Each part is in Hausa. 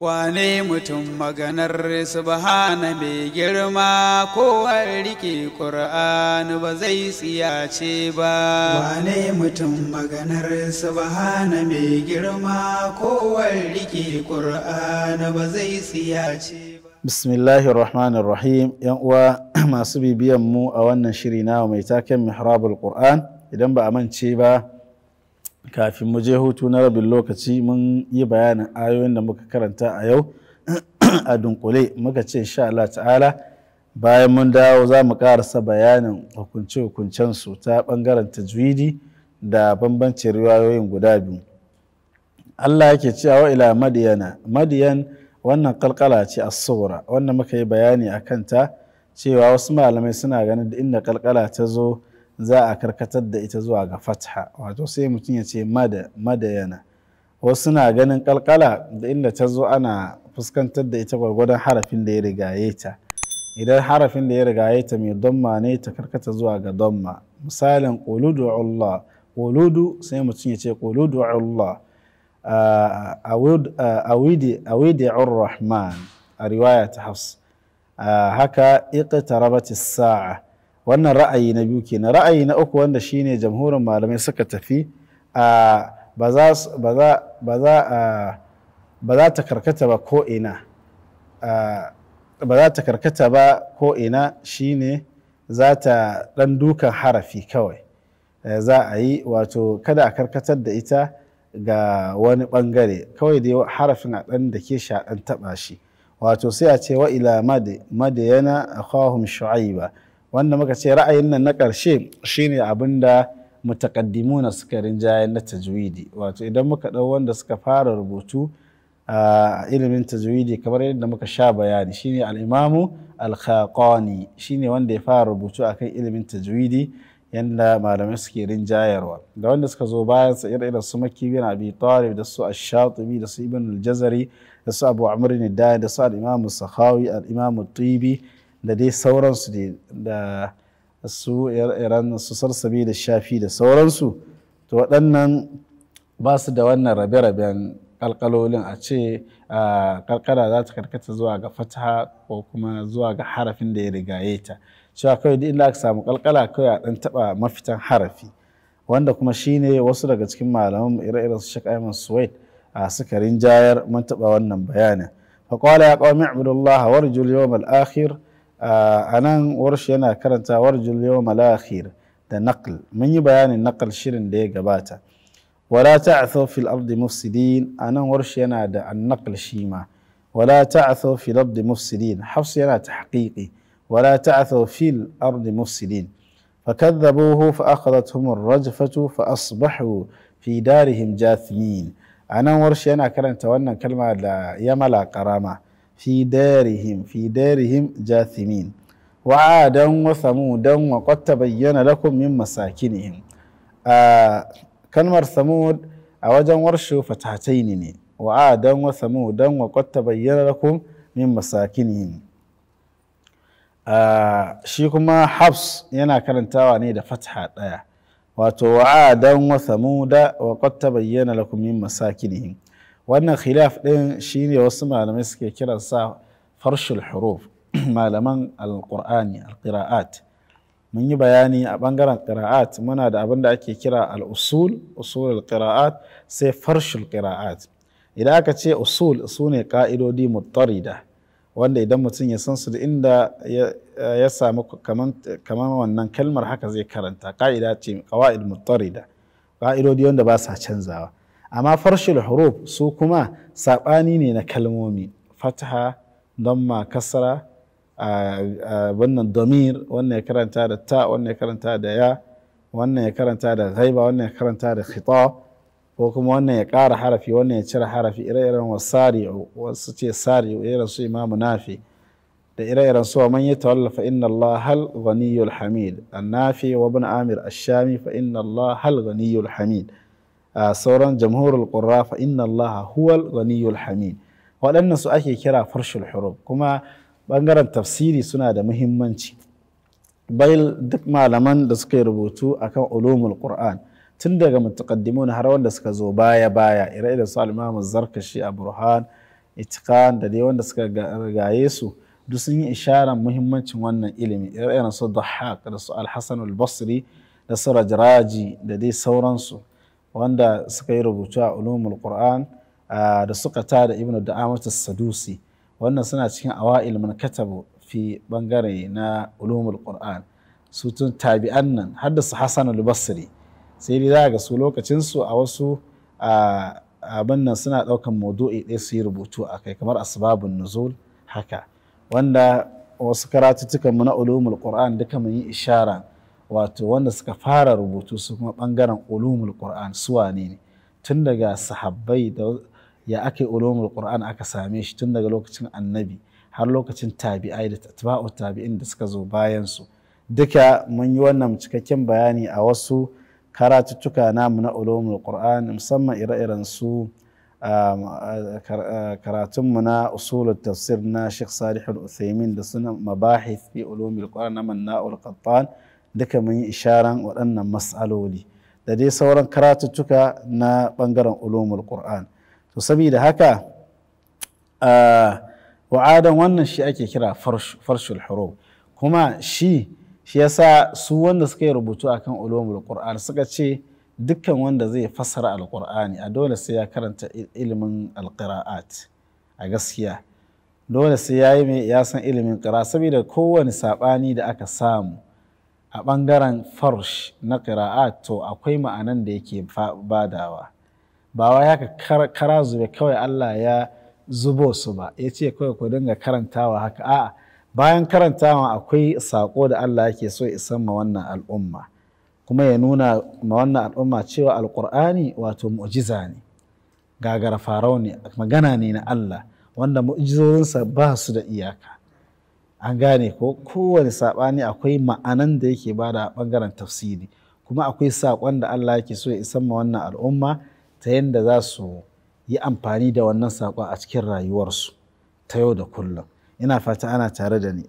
Wane mutum maganar subhana mai girma kowar rike kur'an ba zai tsiyace ba. Wane mutum maganar subhana mai girma kowar rike kur'an ba zai tsiyace ba. Bismillahir Rahmanir Rahim ‘yan uwa masu bibiyan mu a wannan shiri na mai taken mihrabul Qur'an idan ba a mance ba. kafin mu je hutu na rabin lokaci mun yi bayanin ayoyin da muka karanta a yau a dunkule muka ce sha Allah ta'ala bayan mun dawo za mu karasa bayanin hukunce-hukuncen su ta bangaren tajwidi da bambancin riwayoyin guda biyu Allah yake cewa ila madiyana madiyan wannan kalkala ce a saura wannan muka yi bayani a kanta cewa wasu malamai suna ganin da inda kalkala ta zo za a karkatar da ita zuwa ga fatha wato sai mutum ya ce yana wasu na ganin kalkala da inda ta zo ana fuskantar da ita gwargwadon harafin da ya rigaye ta idan harafin da ya rigaye ta mai damma ne ta karkata zuwa ga damma misalin quludu Allah sai mutum ya ce quludu Allah a wide a riwaya ta hafs haka iqtarabat as-sa'a wannan ra'ayi na biyu kenan ra'ayi na uku wanda shine jamhurin malamai suka tafi a ba za ta karkata ba ko ina ba za ta karkata ba ko ina shine za ta ɗan dukan harafi kawai eh, za a yi wato kada a karkatar da ita ga wani bangare kawai da harafin a dan da ke sha a taba shi wato sai a ce wa ila made, yana a akhahum ba. wanda muka ce ra'ayin nan na ƙarshe shine abin da mutakaddimuna suka rinjaye na tajwidi wato idan muka ɗau wanda suka fara rubutu a ilimin tajwidi kamar yadda muka sha bayani shine ne al'imamu al-khaqani shine wanda ya fara rubutu a kan ilimin tajwidi yadda malamai suke rinjayarwa da wanda suka zo bayan sa irin su maki bin abi talib da su ash-shatibi da su ibn al-jazari da su abu amr da su al-imamu sahawi al-imamu tibi da dai sauransu da su iran su sarsabi da shafi da sauransu to waɗannan ba su da wannan rabe-raben kalkalolin a ce karkara za ta karkata zuwa ga fataha ko kuma zuwa ga harafin da ya rigaye ta cewa kawai duk inda aka samu kalkala kawai a ɗan taɓa mafitan harafi wanda kuma shine wasu daga cikin malaman ire-iren su Sheikh Suwaid a suka rinjayar mun taɓa wannan bayanin faƙwala يا قوم Abdullahi الله وارجوا اليوم a nan warshi yana karanta warjul yau malakhir da naql mun yi bayanin naql shirin da ya gabata wala ta'thaw fil ardi mufsidin nan warshi yana da annaql shi ma wala ta'thaw fil ardi mufsidin hafsu yana tahqiqi wala ta'thaw fil ardi mufsidin fakadhabuhu fa akhadathum ar-rajfatu fa asbahu fi darihim A anan warshi yana karanta wannan kalma da yamala karama fi darihim fi darihim jathimin wa adan wa samudan wa qad tabayyana lakum min masakinihim a kalmar samud a wajen warshu fatataini ne wa adan wa samudan wa qad tabayyana lakum min masakinihim shi kuma habs yana karantawa ne da fatha daya wato wa adan wa samuda wa qad tabayyana lakum min masakinihim wannan khilaf ɗin shine wasu malamai suke kiransa farshul huruf malaman alƙur'ani alƙira'at mun yi bayani a ɓangaren ƙira'at muna da abin da ake kira al usul alƙira'at sai farshul ƙira'at idan aka ce usul su ne ƙa'idodi muttarida wanda idan mutum ya san su da inda ya samu kamar wannan kalmar haka zai karanta ƙa'ida ce ƙawa'id muttarida ƙa'idodi wanda ba sa canzawa amma farshil huruf su kuma saɓani ne na kalmomi fataha damma kasra wannan domir wannan ya karanta da ta wannan ya karanta da ya wannan ya karanta da ghaiba wannan ya karanta da khita ko kuma wannan ya ƙara harafi wannan ya cire harafi ire-iren wa wasu ce sari'u irin su imamu nafi da ire-iren su man ya tawalla fa inna Allah hal ghaniyul hamid annafi wa ibn amir ash-shami fa inna Allah hal ghaniyul hamid a ah, sauran jamhurul ƙurra fa inna allah huwal ghaniyul hamid waɗannan su ake kira farshul huruf kuma bangaren tafsiri suna da muhimmanci bai duk malaman da suka yi rubutu akan ulumul qur'an tun daga mutaqaddimun har wanda suka zo baya baya ire da su al-imam zarkashi a burhan itiqan da dai wanda suka rigaye su duk sun yi isharar muhimmancin wannan ilimi ire-iren su dhahhak da su hasan al-basri da su rajraji da dai sauransu wanda suka yi rubutu a ulumul qur'an da suka ta da ibnu da'amat sadusi wannan suna cikin awa'il man katabu fi bangare na ulumul qur'an su tun tabi'an nan har da su hasan al-basri sai dai za ga su lokacin su a wasu abin nan suna daukan maudu'i ɗaya su yi rubutu a kai kamar asbabun nuzul haka wanda wasu karatuttukan mu na ulumul qur'an duka mun yi ishara wato wanda suka fara rubutu su kuma bangaren ulumul qur'an su wane ne tun daga sahabbai da ya aka ulumul qur'an aka same shi tun daga lokacin annabi har lokacin tabi'ai da tatba'u tabi'in da suka zo bayan su duka mun yi wannan cikakken bayani a wasu karatuttuka namu na ulumul qur'an musamman ire-iren su um, mu na usulul tafsir na Sheikh salihu al da suna mabahith fi ulumul qur'an na Manna'ul Qattan duka mun yi isharan waɗannan matsaloli da dai sauran karatuttuka na ɓangaren ulumul qur'an to saboda haka wa'adan wannan shi ake kira farshul huruf kuma shi shi yasa su wanda suka yi rubutu akan ulumul qur'an suka ce dukkan wanda zai fassara alqur'ani a dole sai ya karanta ilimin alqira'at a gaskiya dole sai ya yi ya san ilimin ƙira saboda kowane saɓani da aka samu a ɓangaren farsh na ƙira'a to akwai ma'anan da yake badawa ba wa ya kara zube kawai Allah ya zubo su ba ya ce kawai ku dinga karantawa haka a'a bayan karantawa akwai saƙo da Allah yake so isan ma wannan al'umma kuma ya nuna ma wannan al'umma cewa alƙur'ani wato mu'jiza ne gagara farau ne magana ne na Allah wanda mu'jizorinsa ba su da iyaka an gane ko kowane saɓani akwai ma'anan da yake bada ɓangaren tafsiri kuma akwai saƙon da Allah yake so ya isan ma wannan al'umma ta yadda za su yi amfani da wannan saƙon a cikin rayuwarsu ta yau da kullum ina fata ana tare da ni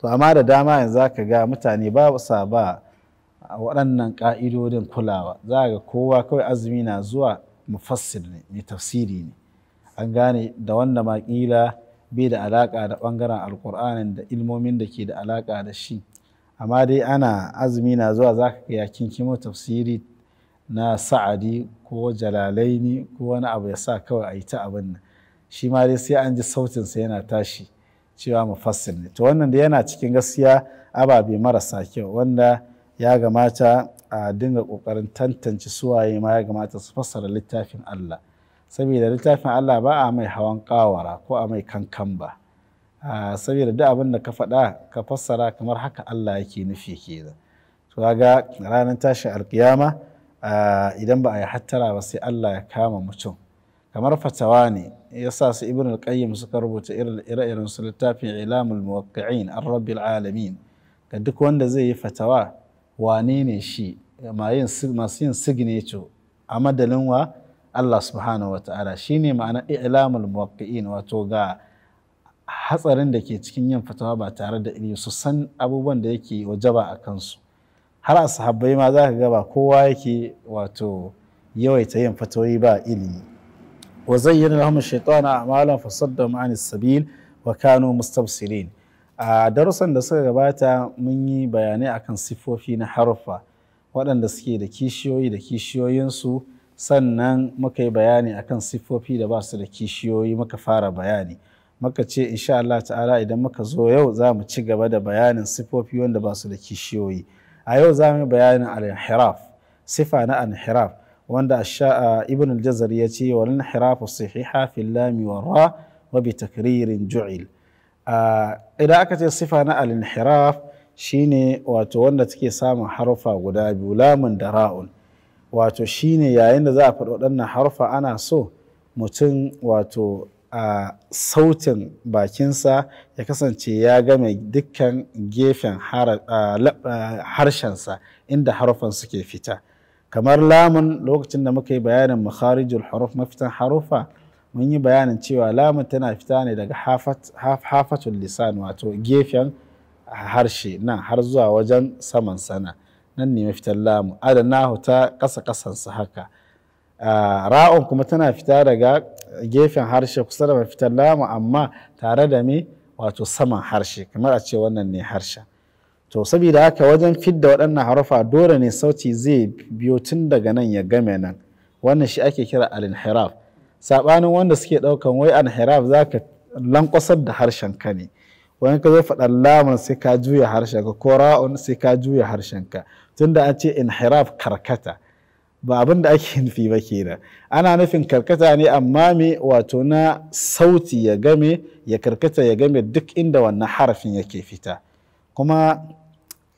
to amma da dama yanzu ka ga mutane ba sa ba waɗannan ƙa'idodin kulawa za ga kowa kawai azumi na zuwa mufassir ne mai tafsiri ne an gane da wanda maƙila bai da alaƙa da ɓangaren alƙur'anin da ilmomin da ke da alaƙa da shi amma dai ana azumi na zuwa za ka ya kinkimo tafsiri na sa'adi ko jalalaini ko wani abu ya sa kawai a yi ta abin nan shi ma dai sai an ji sautinsa yana tashi cewa mufassir ne to wannan da yana cikin gaskiya ababe marasa kyau wanda ya gamata a dinga ƙoƙarin tantance suwaye ma ya gamata su fassara littafin Allah saboda littafin Allah ba a mai hawan kawara ko a mai kankan ba saboda duk abin da ka faɗa ka fassara kamar haka Allah yake nufi da. to ga ranar tashin alkiyama idan ba a yi hattara ba sai Allah ya kama mutum kamar fatawa ne ya sa su ibn al suka rubuta ire-iren su littafin ilamul muwaqqi'in an rabbil alamin ga duk wanda zai yi fatawa wane ne shi masu yin signature a madalin wa Allah subhanahu wa ta'ala shine ma'ana i'lamul muwaqqi'in wato ga hatsarin da ke cikin yin fatawa ba tare da ilimi su san abubuwan da yake wajaba a kansu har a sahabbai ma za ka ga ba kowa yake wato yawaita yin fatawoyi ba ilimi wa zayyana lahum shaytana a'malan da anis sabil wa kanu mustabsirin a darusan da suka gabata mun yi bayanai akan sifofi na haruffa waɗanda suke da kishiyoyi da kishiyoyinsu sannan muka yi bayani akan siffofi da ba su da kishiyoyi muka fara bayani muka ce insha Allah ta'ala idan muka zo yau za mu ci gaba da bayanin siffofi wanda ba su da kishiyoyi a yau za mu yi bayanin al-inhiraf sifa na al-inhiraf wanda ibn al ya ce wal inhiraf sahiha fil lam wa ra wa bi takririn ju'il idan aka ce sifa na al-inhiraf shine wato wanda take samun harufa guda biyu lamun da ra'un wato shine yayin da za a faɗi waɗannan harfa ana so mutum wato a sautin bakinsa ya kasance ya game dukkan gefen harshensa inda harfan suke fita kamar lamun lokacin da muka yi bayanin makharijul haruf mafitan harufa mun yi bayanin cewa lamun tana fita ne daga hafatul lisan wato gefen harshe nan har zuwa wajen saman sana. nan ne mafitar lamu adanahu ta ƙasa ƙasansa haka ra'un kuma tana fita daga gefen harshe kusa da mafitar lamu amma tare da me wato saman harshe kamar a ce wannan ne harshe. to saboda haka wajen fidda waɗannan harufa dole ne sauti zai biyo tun daga nan ya game nan wannan shi ake kira al-inhiraf sabanin wanda suke ɗaukan wai al za ka lankwasar da harshen ka ne wani ka zo faɗar lamun sai ka juya harshenka ko ra'un sai ka juya harshenka tunda an ce inhiraf karkata ba abin da ake nufi ba kenan ana nufin karkata ne amma me wato na sauti ya game ya karkata ya game duk inda wannan harafin yake fita kuma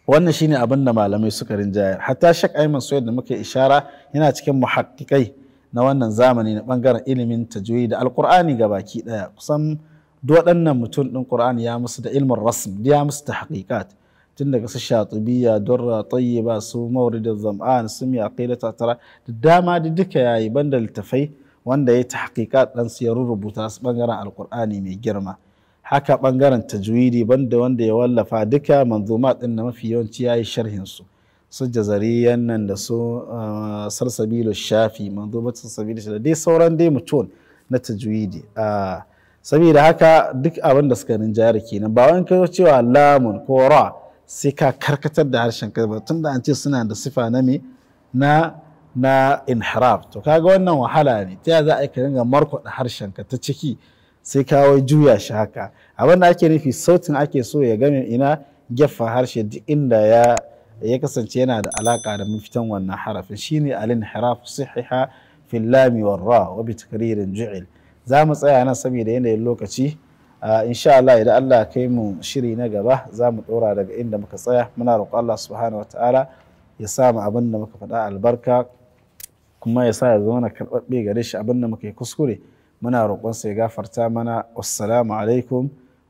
wannan shine abin da malamai suka rinjayar hatta shak aiman soyar da muka ishara yana cikin muhakkikai na wannan zamani na bangaren ilimin tajwid da alkur'ani ga baki daya kusan duk waɗannan mutum ɗin ƙur'ani ya musu da ilmin rasm ya musu ta haƙiƙat tun daga su shatubiya durra tayyiba su da zam'an su mi aqidat tara da dama da duka yayi banda littafai wanda ya ta haƙiƙat dan su ya rubuta su bangaren alƙur'ani mai girma haka bangaren tajwidi banda wanda ya wallafa duka manzuma ɗin na mafi yawanci yi sharhin su su jazariyan nan da su ah, sarsabilu shafi manzumat sarsabilu da dai sauran dai mutum na tajwidi ah, saboda haka duk abin da suka rinjayar kenan ba wani kai cewa lamun ko ra sai ka karkatar da harshen ka tun da an ce suna da sifa na me na na inhiraf to kaga wannan wahala ne ta za a yi ka dinga markwada harshen ka ta ciki sai ka wai juya shi haka abin da ake nufi sautin ake so ya gane ina gefa harshe duk inda ya ya kasance yana da alaka da mafitan wannan harafin shine al-inhiraf sihiha fil lam wal ra wa bi takririn ju'il za mu tsaya nan saboda yanayin lokaci ah, insha Allah idan Allah kai mu shiri na gaba za mu ɗora daga inda muka tsaya muna roƙon Allah subhanahu wataala ya sa mu abin da muka faɗa albarka kuma ya sa ya zama na karɓaɓɓe gare shi abin da muka yi kuskure muna roƙon sa ya gafarta mana wassalamu alaikum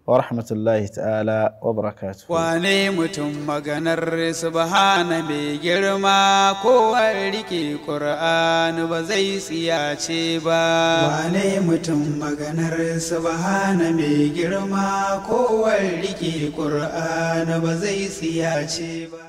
wa rahmatullahi ta'ala wa barakatuhu wane mutum maganar subhana mai girma kowar rike qur'ani ba zai tsiyace ba wane mutum maganar subhana mai girma kowar rike qur'ani ba zai tsiyace ba